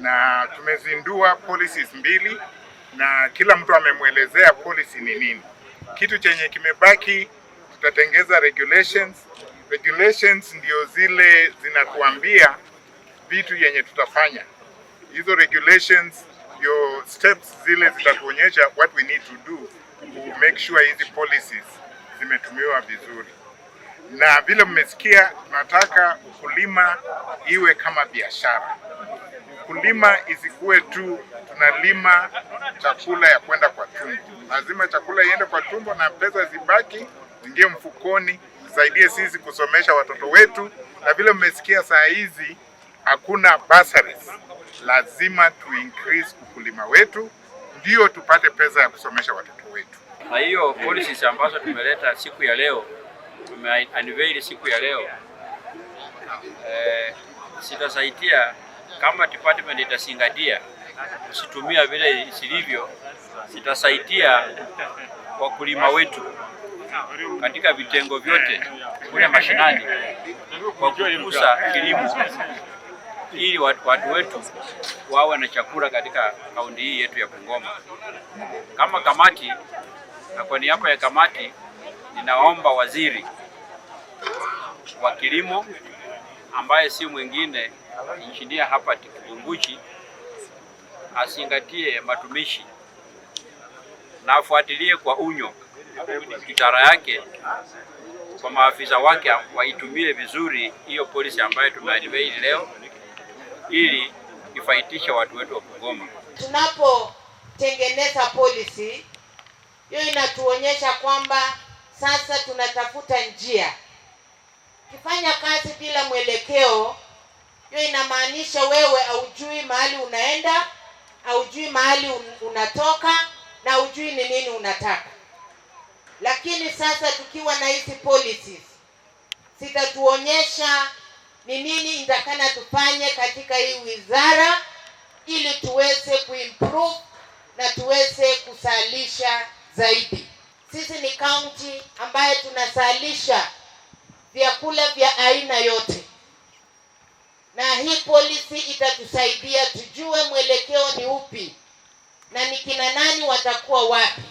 na tumezindua policies mbili na kila mtu amemwelezea policy ni nini. Kitu chenye kimebaki tutatengeza regulations. Regulations ndio zile zinatuambia vitu yenye tutafanya. Hizo regulations ndio steps zile zitatuonyesha what we need to do to make sure hizi policies zimetumiwa vizuri na vile mmesikia, tunataka ukulima iwe kama biashara. Ukulima isikuwe tu tunalima chakula ya kwenda kwa tumbo, lazima chakula iende kwa tumbo na pesa zibaki zingie mfukoni, tusaidie sisi kusomesha watoto wetu. Na vile mmesikia, saa hizi hakuna bursaries, lazima tu increase ukulima wetu ndio tupate pesa ya kusomesha watoto wetu. Na hiyo policies ambazo tumeleta siku ya leo tume siku ya leo eh, sitasaidia kama department itasingadia kusitumia vile silivyo, sitasaidia wakulima wetu katika vitengo vyote kule mashinani kwa kukusa kilimo ili watu, watu wetu wawe na chakula katika kaunti hii yetu ya Bungoma. Kama kamati na kwa niaba ya kamati ninaomba waziri wa kilimo ambaye si mwingine injinia hapa Kipunguchi azingatie matumishi na afuatilie kwa unyo idara yake kwa maafisa wake waitumie vizuri hiyo polisi ambayo tumeadivei leo ili ifaitisha watu wetu wa Bungoma. Tunapotengeneza polisi hiyo inatuonyesha kwamba sasa tunatafuta njia. Ukifanya kazi bila mwelekeo, hiyo inamaanisha wewe haujui mahali unaenda, haujui mahali unatoka na haujui ni nini unataka. Lakini sasa tukiwa na hizi policies zitatuonyesha ni nini itakana tufanye katika hii wizara ili tuweze kuimprove na tuweze kusalisha zaidi. Sisi ni kaunti ambayo tunazalisha vyakula vya aina yote, na hii policy itatusaidia tujue mwelekeo ni upi na ni kina nani watakuwa wapi.